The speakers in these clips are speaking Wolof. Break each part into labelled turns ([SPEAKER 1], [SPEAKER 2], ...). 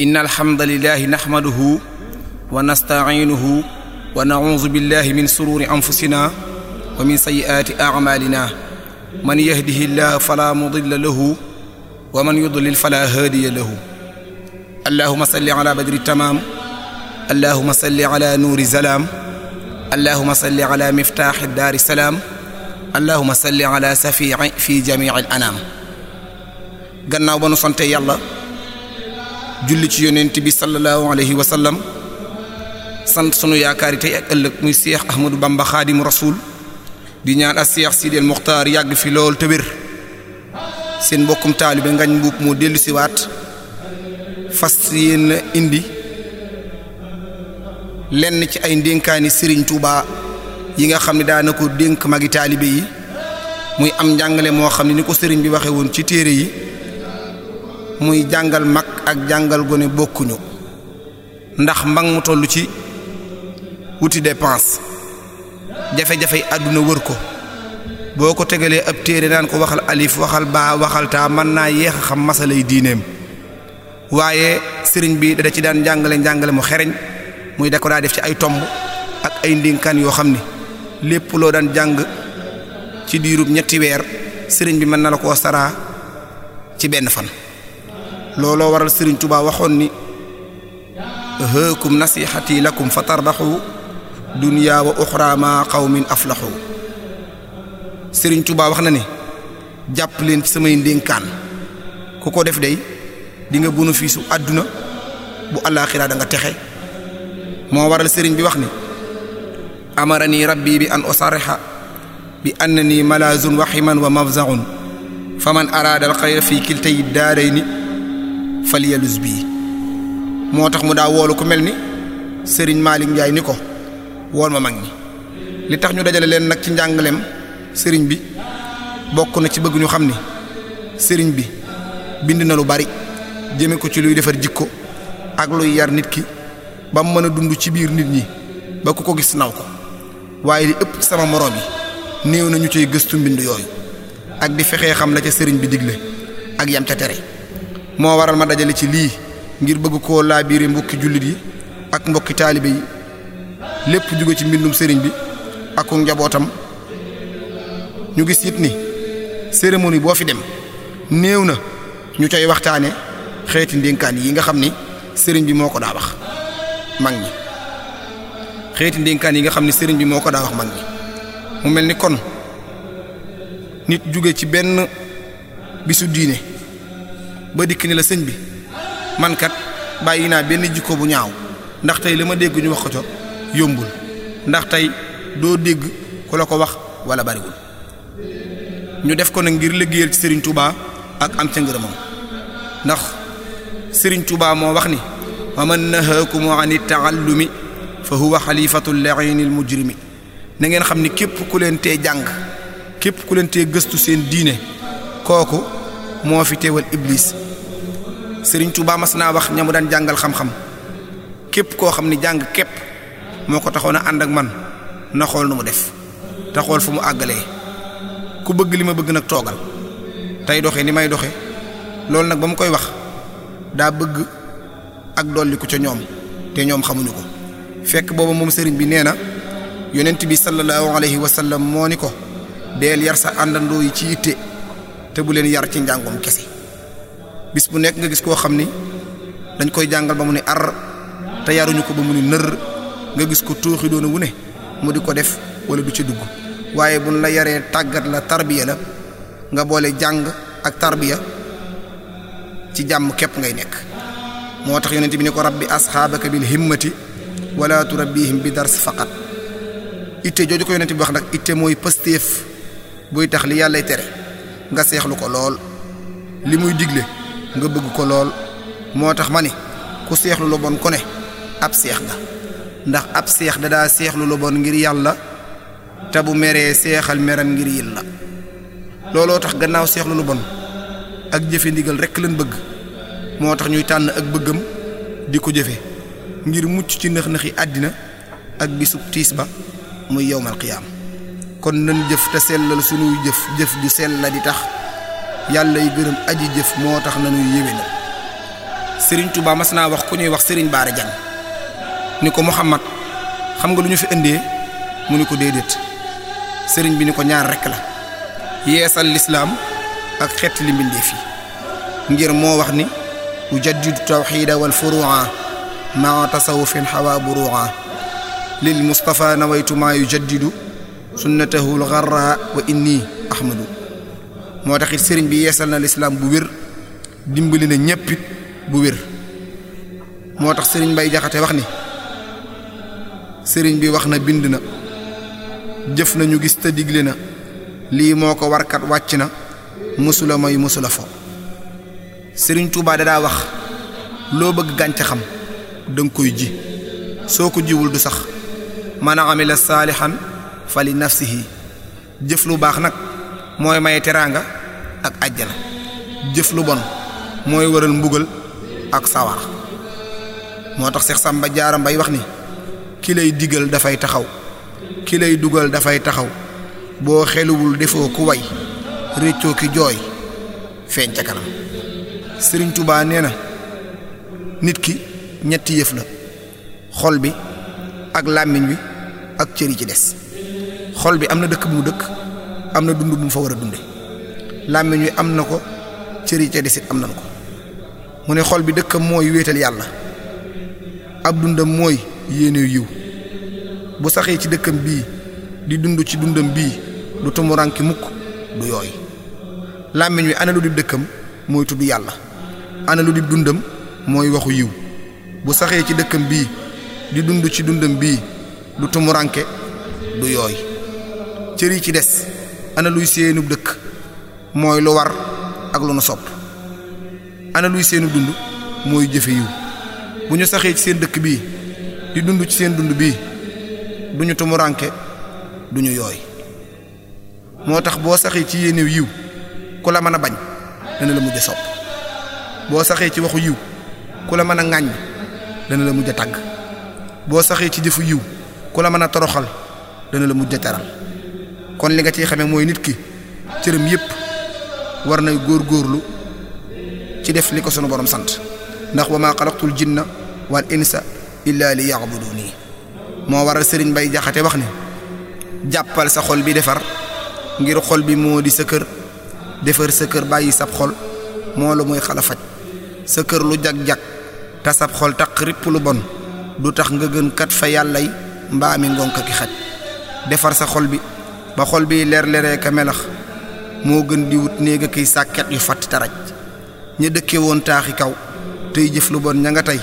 [SPEAKER 1] إن الحمد لله نحمده ونستعينه ونعوذ بالله من سرور أنفسنا ومن سيئات أعمالنا من يهده الله فلا مضل له ومن يضلل فلا هادي له اللهم صل على بدر التمام اللهم صل على نور زلام اللهم صل على مفتاح الدار السلام اللهم صل على سفيع في جميع الأنام gannaaw ba nu sante yàlla julli ci yonent bi sallallahu alayhi wa sallam sant sunu yaakaar tey ak ëllëg muy seex Ahmadou Bamba xaadim rasul di ñaan ak seex Sidil Muxtaar yàgg fi lool te seen mbokkum taalibe ngañ mbuub moo dellu waat fas yéen indi lenn ci ay ndénkaani sëriñ Touba yi nga xam ne daana ko dénk magi taalibe yi muy am njàngale moo xam ne ni ko sëriñ bi waxe woon ci téere yi muy jàngal mag ak jàngal gone bokkuñu ndax mag mu tollu ci wuti dépense jafe-jafe àdduna wër ko boo ko tegalee ab téere naan ko waxal alif waxal baa waxal taa mën naa yéex a xam masalay diineem waaye sëriñ bi da ci daan jàngale jàngale mu xereñ muy da ko daa def ci ay tomb ak ay ndinkaan yoo xam ni lépp loo daan jàng ci diirub ñetti weer sëriñ bi mën na la ko saraa ci benn fan looloo waral sëriñ tubaa waxoon ni hëkum nasihati lakum fa tarbaxu duniyaa wa uxra ma qawmin aflaxu Serigne Touba wax na ne jàpp leen ci samay ndénkaan ku ko def day di nga bénéfice u àdduna bu àllaaxiraa da texe moo waral sëriñ bi wax ni amarani rabbi bi an usariha bi annani malazun waximan wa mafzaun faman arada al xayra fi kiltayi daarayni faliyalus bii moo tax mu daa woolu ko mel ni sëriñ Malick Ndiaye ni ko wool ma mag ñi li tax ñu dajale leen nag ci njàngaleem sëriñ bi bokk na ci bëgg ñu xam ni sëriñ bi bind na lu bari jëme ko ci luy defar jikko ak luy yar nit ki ba mu mën a dund ci biir nit ñi ba ku ko gis naw ko waaye li ëpp sama moroom yi néew na ñu gëstu mbind yooyu ak di fexee xam la ca sëriñ bi digle ak yam ca tere moo waral ma dajale ci lii ngir bëgg koo laa biiri mbokki jullit yi ak mbokki taalibe yi lépp jóge ci mbindum sëriñ bi ak njabootam ñu gis it ni cérémonie boo fi dem néew na ñu cay waxtaane xeeti ndénkaan yi nga xam ni sëriñ bi moo ko daa wax mag ñi xeeti ndénkaan yi nga xam ni sëriñ bi moo ko daa wax mu mel ni kon nit jóge ci benn bisu diine ba dikk ni la sëñ bi mankat bàyyi naa benn jikko bu ñaaw ndax tey li ma dégg ñu wax ko ca yombul ndax tey doo dégg ku la ko wax wala bariwul ñu def ko nag ngir liggéeyal ci Serigne Touba ak am ca ndax sëriñ Touba moo wax ni ma mën wa man nahaakum ani taallumi fa huwa xalifatu laini al mujrimi na ngeen xam ni képp ku leen te jàng képp ku leen tee gëstu seen diine kooku moo fi teewal iblis Serigne Touba mas naa wax ñamu daan jàngal xam-xam képp koo xam ni jàng képp moo ko taxoon a ànd ak man na xool nu mu def te xool fu mu àggalee ku bëgg li ma bëgg nag toogal tey doxe ni may doxe loolu nag ba mu koy wax daa bëgg ak dolli ku ca ñoom te ñoom xamuñu ko fekk booba moom sëriñ bi nee na yonent bi sallallahu alayhi wa sallam moo ni ko deel yar sa àndandoo yi ci itte te bu leen yar ci njàngum kese bis bu nekk nga gis koo xam ni dañ koy jàngal ba mu ne ar te yaruñu ko ba mu ne nër nga gis ko tooxi doona wu ne mu di ko def wala du ci dugg waaye buñ la yaree tàggat la tarbiya la nga boole jàng ak tarbiya ci jàmm képp ngay nekk moo tax yonent bi ne ko rab rabbi asxaabaka bil himmati wala turabbihim bi dars faqat itte jooju ko yonent bi wax nag itte mooy pëstéef buy tax li yàllay tere nga seexlu ko lool li muy digle nga bëgg ko lool moo tax ma ne ku seexlu lu bon ku ne ab seex nga ndax ab seex dadaa seexlu lu bon ngir yàlla te bu meree seexal meram ngir yàlla looloo tax gannaaw seexlu lu bon ak jëfe ndigal rekk lañ bëgg moo tax ñuy tànn ak bëggam di ko jëfe ngir mucc ci nëx-nëxi àddina ak bisub tiis ba muy yowmal qiyaam kon nan jëf te sellal sunuy jëf jëf ju sell la di tax yàlla yi gërëm aji jëf moo tax na ñuy yéwénal Serigne Touba mas naa wax ku ñuy wax Serigne Baara Jang ni ko Muhammad xam nga lu ñu fi indee mu ni ko déedéet sëriñ bi ni ko ñaar rekk la yeesal lislaam ak xeet li mbindeef yi ngir moo wax ni ujaddidu tawxiida wal furuuca maa tasawufin xawaa buruuca lil Mustafa nawaytu maa yujaddidu sunnatahu wa inni ahmadu moo taxit sëriñ bi yeesal na lislaam bu wér dimbali na ñéppit bu wér moo tax sëriñ bay Jaxate wax ni sëriñ bi wax na bind na jëf nañu gis te digle na lii moo ko warkat wàcc na mësula may mësula fo sëriñ Tuubaa dadaa wax loo bëgg gàncaxam danga koy ji soo ko jiwul du sax man amila saalihan fa li nafsihi jëf lu baax nag mooy maye teraanga ak àjjana jëf lu bon mooy waral mbugal ak sawar moo tax Seex Sàmba Jaara Mbay wax ni ki lay digal dafay taxaw ki lay dugal dafay taxaw boo xeluwul defoo ku way réccoo ki jooy feeñ ca kanam Sëriñ Tuubaa nee na nit ki ñetti yëf la xol bi ak làmmiñ bi ak cër yi ci des xol bi am na dëkk bu mu dëkk am na dund bu mu fa war a dunde làmmiñ wi am na ko cër yi ca desit am nañ ko mu ne xol bi dëkkam mooy wéetal yàlla ab dundam mooy yéenew yiw bu saxee ci dëkkam bii di dund ci dundam bii du tumuranki mukk du yooy làmmiñ wi ana lu dib dëkkam mooy tudd yàlla ana lu dib dundam mooy waxu yiw bu saxee ci dëkkam bii di dund ci dundam bii du tumuranke du yooy cër yi ci des ana luy séenub dëkk mooy lu war ak lu nu sopp ana luy seenu dund mooy jëfe yiw bu ñu saxee ci seen dëkk bii di dund ci seen dund bii duñu du ñu yooy moo tax boo saxee ci yéenéew yiw ku la mën a bañ dana la mujj a sopp boo saxee ci waxu yiw ku la mën a ŋàññ dana la mujj a tàgg boo saxee ci jëfu yiw ku la mën a toroxal dana la mujj a teral kon li nga ciy xame mooy nit ki cëram yépp war nay góorlu ci def li ko sunu borom sant ndax wa maa xalaqtul jinna wal insa illa li ya'buduni moo waral sëriñ bay jaxate wax ne jàppal sa xol bi defar ngir xol bi moo di sa kër defar sa kër bàyyi sab xol moo la muy xala faj sa kër lu jag-jag te sab xol taq ripp lu bon du tax nga gën kat fa yàllay mbaami ngonka ki xaj defar sa xol bi ba xol bi leer leeree ka melax moo gën di wut néeg ak sàkket yu fàtt taraj ña dëkke woon taaxi kaw tey jëf lu bon ña nga tey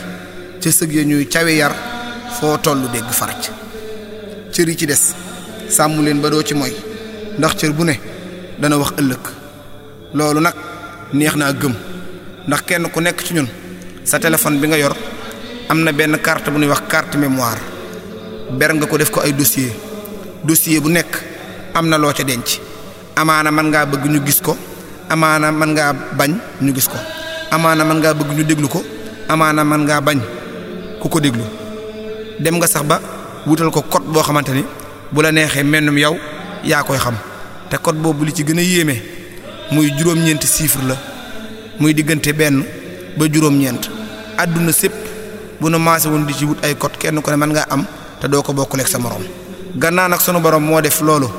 [SPEAKER 1] ca sëg ya ñuy cawe yar foo tollu dégg faraj cër yi ci des sàmm leen ba doo ci moy ndax cër bu ne dana wax ëllëg loolu nag neex naa gëm ndax kenn ku nekk ci ñun sa téléphone bi nga yor am na benn carte bu ñuy wax carte mémoire ber nga ko def ko ay dossier dossier bu nekk am na loo ca denc amaana man ngaa bëgg ñu gis ko amaana mën ngaa bañ ñu gis ko amaana mën ngaa bëgg ñu déglu ko amaana mën ngaa bañ ku ko déglu dem nga sax ba wutal ko code boo xamante ni bu la neexee mennum yow yaa koy xam te code boobu li ci gën a yéeme muy juróom-ñeenti chiffre la muy diggante benn ba juróom-ñeent àdduna sépp bu nu maase woon di ci wut ay code kenn ko ne mën ngaa am te doo ko bokkaleeg sa morom gannaaw nag sunu borom moo def loolu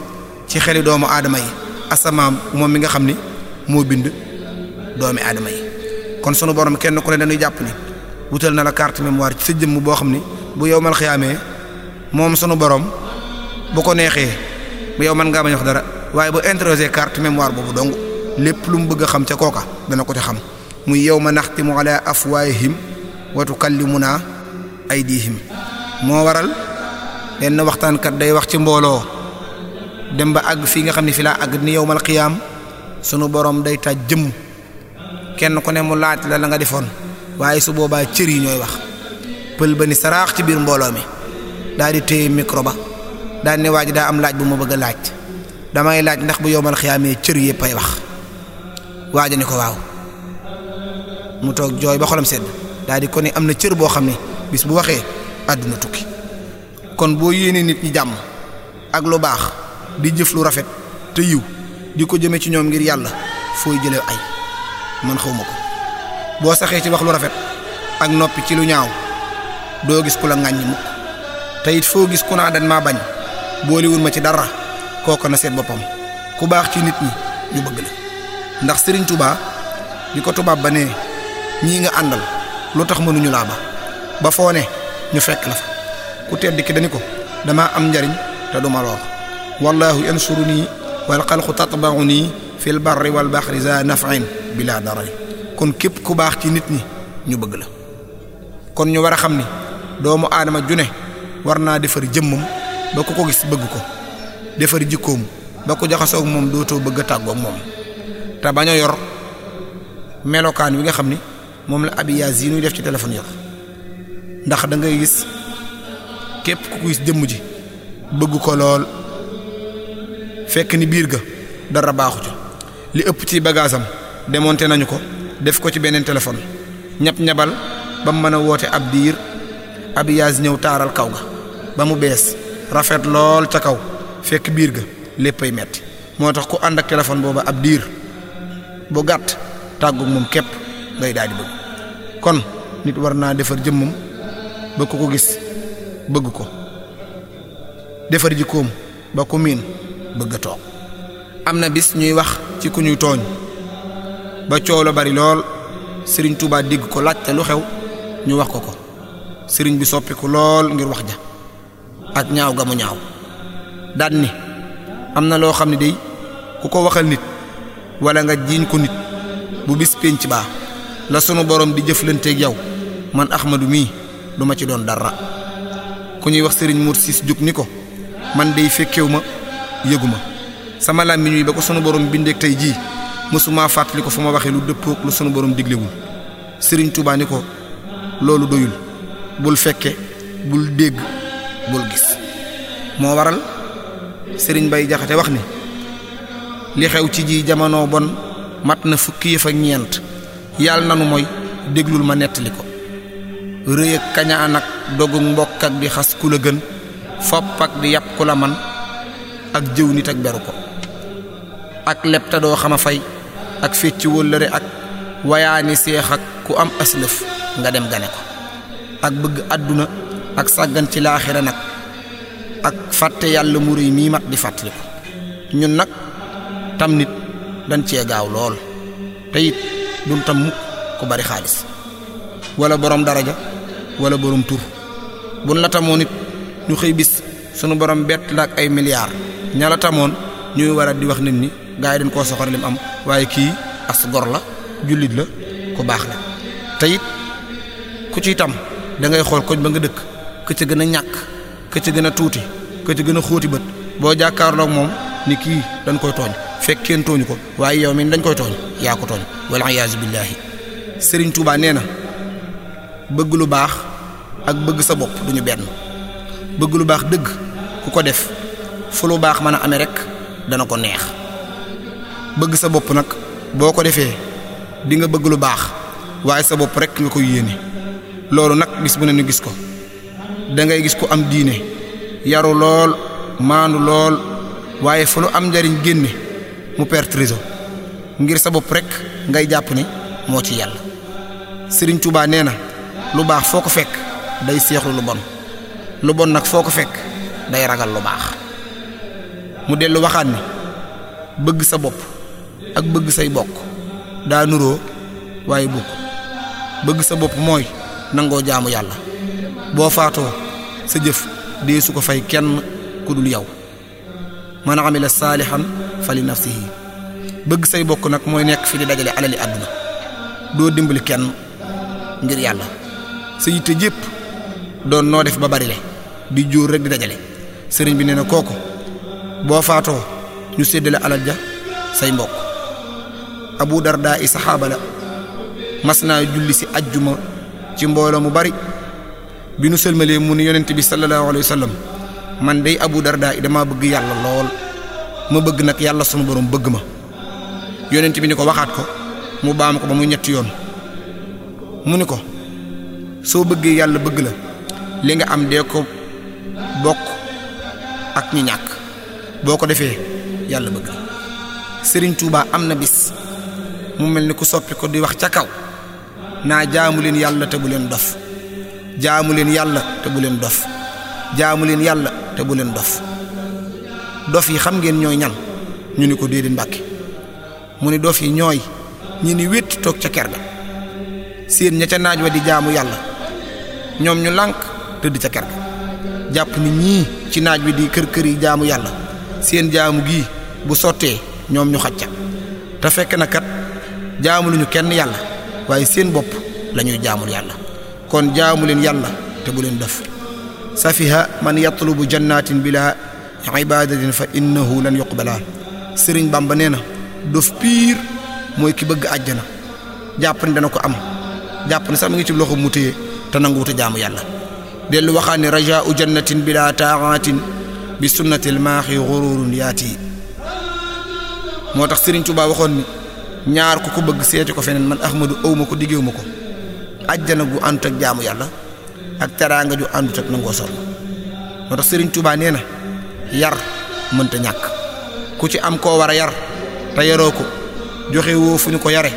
[SPEAKER 1] ci xeli doomu aadama yi. asamaam moom mi nga xam ni moo bind doomi adama yi kon sunu borom kenn ku ne dañuy jàpp ni wutal na la carte mémoire ci sa jëmm boo xam ni bu yow mal xiyaamee moom sunu borom bu ko neexee bu yow man ngaa bañ wax dara waaye bu introsé carte mémoire boobu dong lépp lu mu bëgg a xam ca kooka dana ko ca xam muy yow ma naxtimu ala afwaahihim wa tukallimunaa aydihim moo waral benn waxtaankat day wax ci mbooloo dem ba àgg fii nga xam ne fi laa àgg ni yowmal qiyaam sunu boroom day taaj jëmm kenn ku ne mu laaj la la nga defoon waaye su boobaa cër yi ñooy wax pël ba ni saraax ci biir mbooloo mi daal di téye micro ba daal ne waaj daa am laaj bu ma bëgg a laaj damay laaj ndax bu yowmal xiyaamee cër yëpp ay wax waaja ni ko waaw mu toog jooy ba xolam sedd daal di ko ni am na cër boo xam ne bis bu waxee àdduna tukki kon boo yéenee nit ñi jàmm ak lu baax. di jëf lu rafet te yiw di ko jëme ci ñoom ngir yàlla fooy jëlee ay man xaw ma ko boo saxee ci wax lu rafet ak noppi ci lu ñaaw doo gis ku la ŋàññi mukk tey it foo gis ku naa dañ maa bañ boolewul ma ci dara kooku na seet boppam ku baax ci nit ñi ñu bëgg la ndax Serigne Touba di ko tubaab ba ne ñii nga àndal lu tax mënuñu laa ba ba foo ne ñu fekk la fa ku tedd ki dañu ko damaa am njariñ te duma lool wallahu nii wal xalqu tatbauni fil barri wal baxri za naf'in bila daray kon képp ku baax ci nit ñi ñu bëgg la kon ñu war a xam ni doomu aadama ju ne war naa defar jëmmam ba ku ko gis bëgg ko defar jikkoom ba ko jaxasoog moom dootoo bëgg a tàggoog moom te bañ a yor melokaan wi nga xam ni moom la abiyaas yi nuy def ci téléphone yor ndax dangay gis képp ku gis jëmm ji bëgg ko lool fekk ni biir ga dara baaxu ci li ëpp ci bagaasam demoonte nañu ko def ko ci beneen téléphone ñab ñabal ba mu mën a woote ab diir ab ñëw taaral kaw ga ba mu bees rafet lool ca kaw fekk biir ga léppay metti moo tax ku ànd ak téléphone booba ab diir bu gàtt tàggu moom képp ngay daal di bëgg kon nit war naa defar jëmmam ba ku ko gis bëgg ko defar jikkoom ba ko miin bëgg a toog am na bis ñuy wax ci ku ñuy tooñ ba coow la bari lool sëriñ Touba dégg ko laajte lu xew ñu wax ko ko sëriñ bi soppiku lool ngir wax ja ak ñaaw ga mu ñaaw daan ni am na loo xam ne day ku ko waxal nit wala nga jiiñ ko nit bu bis pénc baa la sunu boroom di jëflanteeg yow man Ahmadu mii duma ci doon dara ku ñuy wax sëriñ Mor Siis jóg ni ko man day fekkew yëguma sama làmmiñ wi ba ko sunu borom bindeek tey jii mësuma fàttali ko fu ma waxee lu dëppook lu sunu borom diglewul sëriñ Tuubaa ko loolu doyul bul fekke bul dégg bul gis moo waral sëriñ Bay Jaxate wax ni li xew ci ji jamono bon mat na fukki yëfa ak ñeent yàlla nanu mooy déglul ma nettali ko rëy ak kañaan ak dogug mbokk ak di xas ku la gën fopp ak di yàpp ku la man ak jëw nit ak beru ko ak leb doo xam a fay ak fecci wóllëre ak wayaani seex ak ku am aslëf nga dem gane ko ak bëgg àdduna ak sàggan ci laaxira nag ak fàtte yàlla mu réy mii mat di fàttali ko ñun nag tam nit dañ cee gaaw lool te it tam mukk ku bari xaalis wala borom daraja wala borom tur buñ la tamoo nit ñu xëy bis sunu borom bett la ak ay milliards ña tamoon ñuy war di wax nit ñi gaa yi dañ koo soxor lim am waaye kii as gor la jullit la ku baax na te ku ci itam dangay xool koñ ba nga dëkk ka ca gën a ñàkk këcc gën a tuuti ka ca gën a xóoti bët boo jàkkaarloog moom ni kii dañ koy tooñ fekk kenn tooñu ko waaye yow mi dañ koy tooñ yaa ko tooñ wala iyaazu billaahi sëriñ tuubaa nee na bëgg lu baax ak bëgg sa bopp duñu benn bëgg lu baax dëgg ku ko def fu lu baax mën a amee rek dana ko neex bëgg sa bopp nag boo ko defee di nga bëgg lu baax waaye sa bopp rek nga koy yéene loolu nag bis bu ne ñu gis ko da ngay gis ku am diine yaru lool maandu lool waaye fu lu am njariñ génne mu perte réseau ngir sa bopp rek ngay jàpp ni moo ci yàlla Sëriñ Tuubaa nee na lu baax foo ko fekk day seexlu lu bon lu bon nag foo ko fekk day ragal lu baax mu dellu waxaat ni bëgg sa bopp ak bëgg say bokk daa nuroo waaye bukk bëgg sa bopp mooy nangoo jaamu yàlla boo faatoo sa jëf dee su ko fay kenn ku dul yow man amila saalihan fa li nafsihi bëgg say bokk nag mooy nekk fi di dajale alali àdduna doo dimbali kenn ngir yàlla sa yitte jépp doon noo def ba bari le di jur rek di dajale sëriñ bi nee na kooku boo faatoo ñu séddale alal ja say mbokk abu darda i saxaaba la mas naa julli si ajjuma ci mbooloo mu bari bi nu sëlmalee mu ni yonent bi sallallahu alayhi wa man day abu darda i damaa bëgg yàlla lool ma bëgg nag yàlla sunu borom bëgg ma yonent bi ni ko waxaat ko mu baam ko ba mu ñetti yoon mu ni ko soo bëggee yàlla bëgg la li nga am dee ko bokk ak ñi ñàkk boo ko defee yàlla bëgg sëriñ tuuba am na bis mu mel ni ku soppi ko di wax ca kaw naa jaamu leen yàlla te bu leen dof jaamu leen yàlla te bu leen dof jaamu leen yàlla te bu leen dof dof yi xam ngeen ñooy ñan ñu ni ko déedéet mbàkke mu ni dof yi ñooy ñi ni wétt toog ca ker ga seen ña ca naaj wa di jaamu yàlla ñoom ñu lànk tëdd ca ker jàpp ni ñii ci naaj wi di kër kër yi jaamu yàlla seen jaamu gi bu sottee ñoom ñu xacca te fekk na kat jaamuluñu kenn yàlla waaye seen bopp lañuy jaamul yàlla kon jaamu leen yàlla te bu leen def safiha man yatlubu jannatin bila ibadatin fa innahu lan yuqbala sëriñ Bamba nee na dof piir mooy ki bëgg àjjana jàpp ne dana ko am jàpp ne sax mu ngi ci loxo mu téye te nanguwuta jaamu yàlla dellu waxaan ne rajaau jannatin bila taatin bi sunnatil maaxi xururun yaati moo tax Serigne Touba waxoon ni ñaar ku ko bëgg seeti ko feneen man Ahmadu awma ko diggeewu ma ko ajjana gu àndut ak jaamu yàlla ak teraanga ju àndut ak nangoo sol moo tax Serigne Touba nee na yar mënta ñàkk ku ci am koo war a yar te yaroo ko joxe woo fu ñu ko yare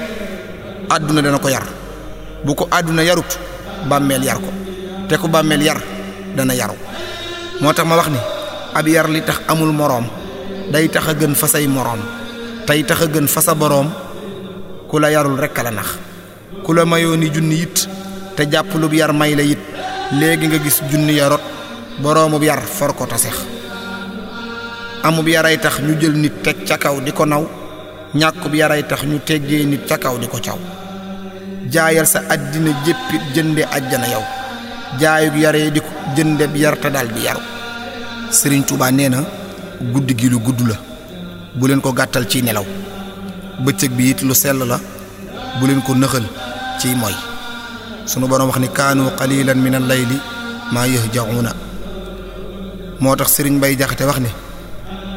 [SPEAKER 1] àdduna dana ko yar bu ko àdduna yarut bàmmeel yar ko te ku bàmmeel yar dana yaru moo tax ma wax ni ab yar li tax amul moroom day tax a gën fa say moroom tey tax a gën fa sa boroom ku la yarul rekk la nax ku la mayoon ni junni it te jàpp lu yar may la it léegi nga gis junni yarot boroomub yar for ko tasex amub yaray tax ñu jël nit teg ca kaw di ko naw ñàkku ñàkkub yaray tax ñu teggee nit ca kaw di ko caw jaayal sa àddina jéppit jënde àjjana yow jaayug yaree di ko jëndeb yar te dal yaru sëriñ Touba nee na gudd gi lu gudd la bu leen ko gàttal ci nelaw bëccëg bi it lu sell la bu leen ko nëxal ci moy sunu borom wax ni kaanu qalilan min lay layli maa na moo tax sëriñ bay Jaxate wax ne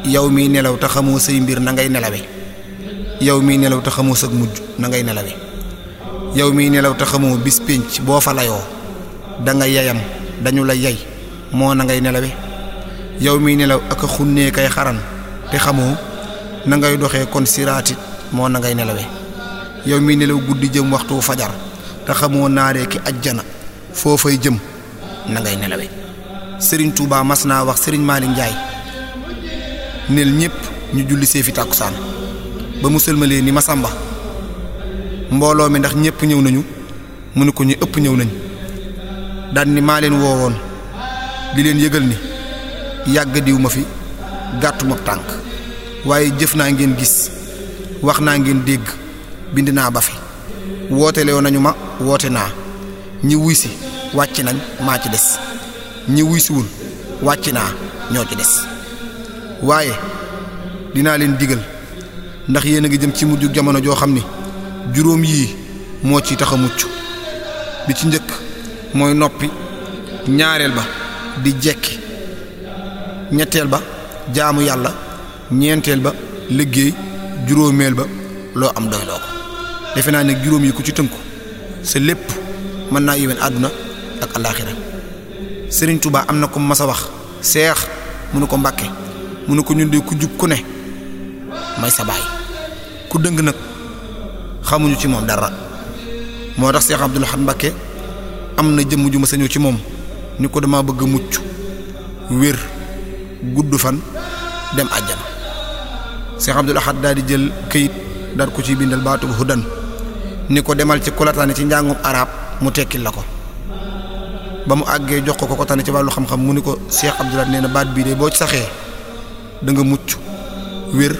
[SPEAKER 1] yow miy nelaw te xamoo say mbir na ngay nelawe yow miy nelaw te xamoo sag mujj na nelawe yow miy nelaw te xamoo bis pénc boo fa layoo da yeyam dañu la yey moo na ngay nelawe yow miy nelaw ak a xunnee kay xaran te xamoo na ngay doxee kon siraatit moo na ngay nelawee yow miy nelaw guddi jëm waxtu fajar te xamoo naaree ki ajjana foo fay jëm nangay ngay sëriñ Touba mas naa wax sëriñ Malick Ndiaye nel ñépp ñu julli seefi tàkkusaan ba mu sëlmalee ni ma Masamba mbooloo mi ndax ñépp ñëw nañu mu ne ko ñu ëpp ñëw nañ daan ni maa leen woowoon di leen yëgal ni yàgg ma fi gàttuma tànk waaye jëf naa ngeen gis wax naa ngeen dégg bind naa ba fi wootelew nañu ma woote naa ñi wuy si wàcc nañ maa ci des ñi wuy wàcc naa ñoo ci des waaye dinaa leen digal ndax yéen a ngi jëm ci mujj jamono joo xam ni juróom yii moo ci tax a mucc bi ci njëkk mooy noppi ñaareel ba di jekki ñetteel ba jaamu yàlla ñeenteel ba liggéey juróomeel ba loo am doy ko defe naa ne juróom yi ku ci tënku sa lépp mën naa yéwén àdduna ak alaaxira Sëriñ Tuubaa am na ko mas a wax seex mu ne ko mbàkke mu ne ko ñun de ku jub ku ne may sa baay ku dëng nag xamuñu ci moom dara moo tax seex Abdul Ahad Mbàkke am na jëmm ju ma sañoo ci moom ni ko dama bëgg mucc wér gudd fan dem àjjana Cheikh Abdoul Ahad daal di jël kayit dar ko ci bindal baatu bu hudan ni ko demal ci kulataane ci njàngum araab mu tekkil la ko ba mu àggee jox ko ko ko tane ci wàllu xam-xam mu ni ko Cheikh Abdoul Ahad nee na baat bii de boo ci saxee da mucc wér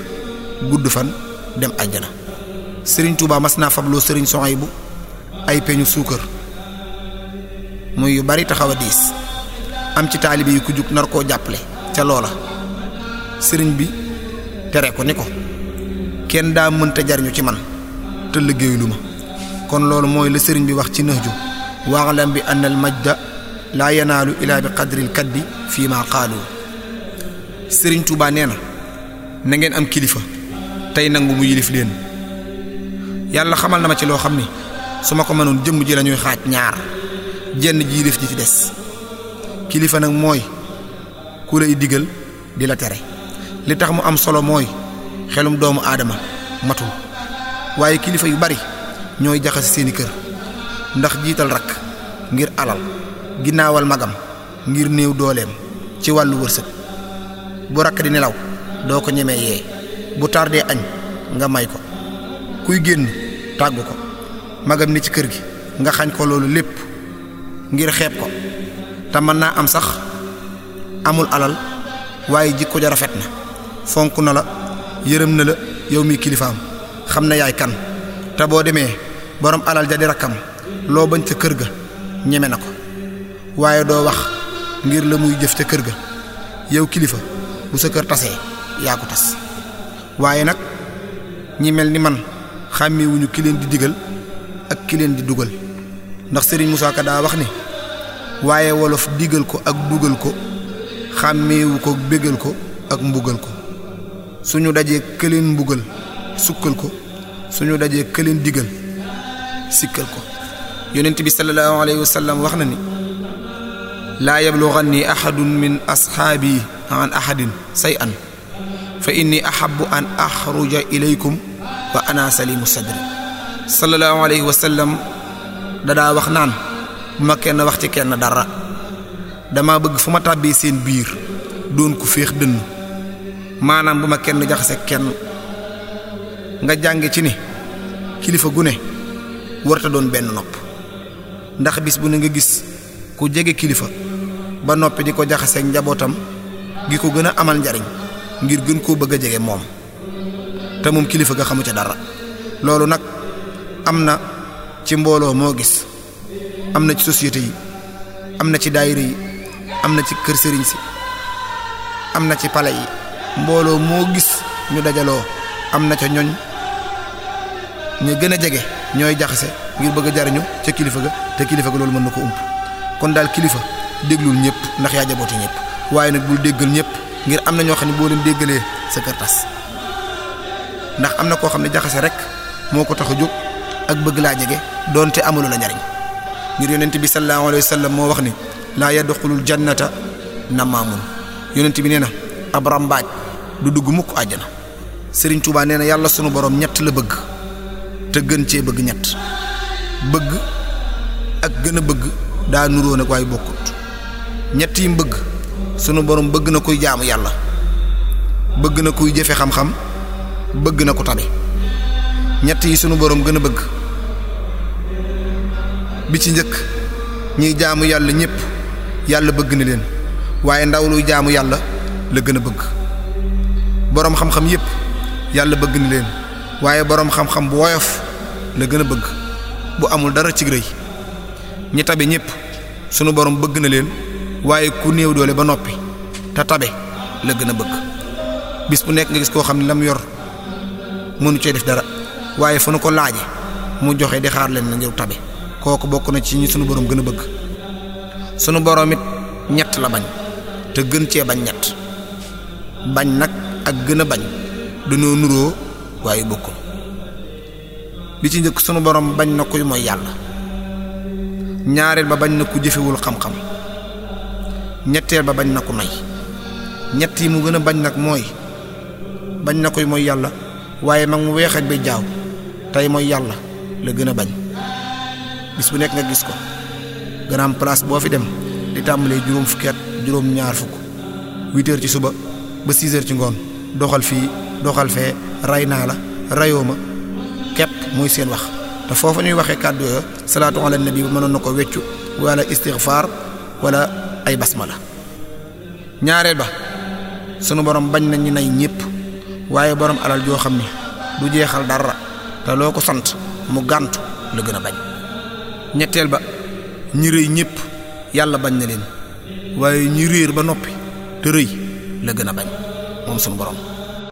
[SPEAKER 1] gudd fan dem àjjana Serigne Touba mas naa fabloo Serigne bu ay peñu suukar muy yu bari taxaw a diis am ci taalibe yi ku jug nar koo jàppale ca loola sëriñ bi tere ko ni ko kenn daa mënta jariñu ci man te liggéeyu lu ma kon loolu mooy la sëriñ bi wax ci nëx ju waalam bi ann al majda laa yanaalu ilaa bi qadril kaddi fii ma qaalu sëriñ Tuubaa nee na na ngeen am kilifa tey nangu mu yilif leen yàlla xamal na ma ci loo xam ni su ma ko mënul jëmm ji lañuy xaaj ñaar jenn ji yilif ji ci des kilifa nag mooy ku lay digal di la tere li tax mu am solo mooy xelum doomu aadama matul waaye kilifa yu bari ñooy jaxasi seeni kër ndax jiital rakk ngir alal ginnaawal magam ngir néew dooleem ci wàllu wërsëg bu rakk di nelaw doo ko ñemee yee bu tàrdee añ nga may ko kuy génn tàggu ko magam ni ci kër gi nga xañ ko loolu lépp ngir xeeb ko te naa am sax amul alal waaye jikko ja rafet na fonk na la yërëm na la yow mi kilifaam xam na yaay kan te boo demee borom alal ja di rakkam loo bañ ca kër ga ñeme na ko waaye doo wax ngir la muy jëf ca kër ga yow kilifa bu sa kër tasee yaa ko tas waaye nag ñi mel ni man xàmmewuñu kileen di digal ak kileen di dugal ndax Serigne Moussa Ka daa wax ni waaye wolof digal ko ak dugal ko xàmmeewu ko bégal ko ak mbugal ko suñu dajee këleen mbugal sukkal ko suñu dajee këleen digal sikkal ko yonent bi sallallahu alayhi wa sallam wax na ni laa yabluganni ahadun min asxaabi an ahadin say an fa inni ahabu an axruja ilaykum wa ana salimu sadri sallallahu alayhi wa dadaa wax naan bu ma kenn wax ci kenn dara dama bëgg fu ma tàbbee seen biir doon ku féex dënn maanaam bu ma kenn jaxase kenn nga jànge ci ni kilifa gu ne warta doon benn nopp ndax bis bu ne nga gis ku jege kilifa ba noppi di ko jaxaseeg njabootam gi ko gën a amal njariñ ngir gën koo bëgg a jege moom te moom kilifa ga xamu ca dara loolu nag am na ci mbooloo moo gis am na ci société yi am na ci daayira yi am na ci kër sëriñ si am na ci pale yi mbooloo moo gis ñu dajaloo am na ca ñoñ ñu gën a jege ñooy jaxase ngir bëgg jariñu ca kilifa ga te kilifa ga loolu mën na ko ump kon daal kilifa déglul ñëpp ndax yaa jaboote ñëpp waaye nag bul déggal ñëpp ngir am na ñoo xam ne boo leen déggalee sa kër tas ndax am na koo xam ne jaxase rek moo ko tax a jóg ak bëgg laa jege doonte amulu la njariñ ngir yonent bi sallallahu alayhi wa sallam moo wax ni laa yadxulul jannata namaamun yonent bi nee na ab rambaaj du dugg mukk àjjana sëriñ Touba nee na yàlla sunu borom ñett la bëgg te gën cee bëgg ñett bëgg ak gën bëgg daa nuroo nag waaye bokkut ñett yi bëgg sunu borom bëgg na koy jaamu yàlla bëgg na kuy jëfe xam-xam bëgg na ko tabe ñett yi sunu borom gën a bëgg bi ci njëkk ñiy jaamu yàlla ñépp yàlla bëgg na leen waaye ndaw luy jaamu yàlla la gën a bëgg boroom xam-xam yépp yàlla bëgg na leen waaye boroom xam-xam bu woyof la gën a bëgg bu amul dara ci rëy ñi tabe ñépp sunu boroom bëgg na leen waaye ku néew doole ba noppi te tabe la gën a bëgg bis bu nekk nga gis koo xam ne lam yor mënu cee def dara waaye fu nu ko laaje mu joxe di xaar leen na ngir tabe kooku bokk na ci ñi sunu boroom gën a bëgg sunu boroom it ñett la bañ te gën cee bañ ñett bañ nag ak gën a bañ dañoo nuroo waaye bokkul bi ci njëkk sunu borom bañ na kuy mooy yàlla ñaareel ba bañ na ku jëfewul xam-xam ñetteel ba bañ na ku nay ñett yi mu gën a bañ nag mooy bañ na koy mooy yàlla waaye mag mu weexaj bay jaaw tey mooy yàlla la gën a bañ bis bu nekk nga gis ko gën a am place boo fi dem di tàmbalee juróom fukki at juróom ñaar fukk huit ci suba ba six ci ngoon doxal fii doxal fee rey naa la reyoo ma képp muy seen wax te foofa ñuy waxee kàddu yooyu salaatu ala nabi mënoon na ko weccu wala istixfaar wala ay basmala ñaareel ba sunu borom bañ na ñu nay ñépp waaye borom alal joo xam ni du jeexal dara te loo ko sant mu gàntu la gën a bañ ñetteel ba ñi rëy ñëpp yàlla bañ na leen waaye ñi réer ba noppi te rëy la gën a bañ moom suñ borom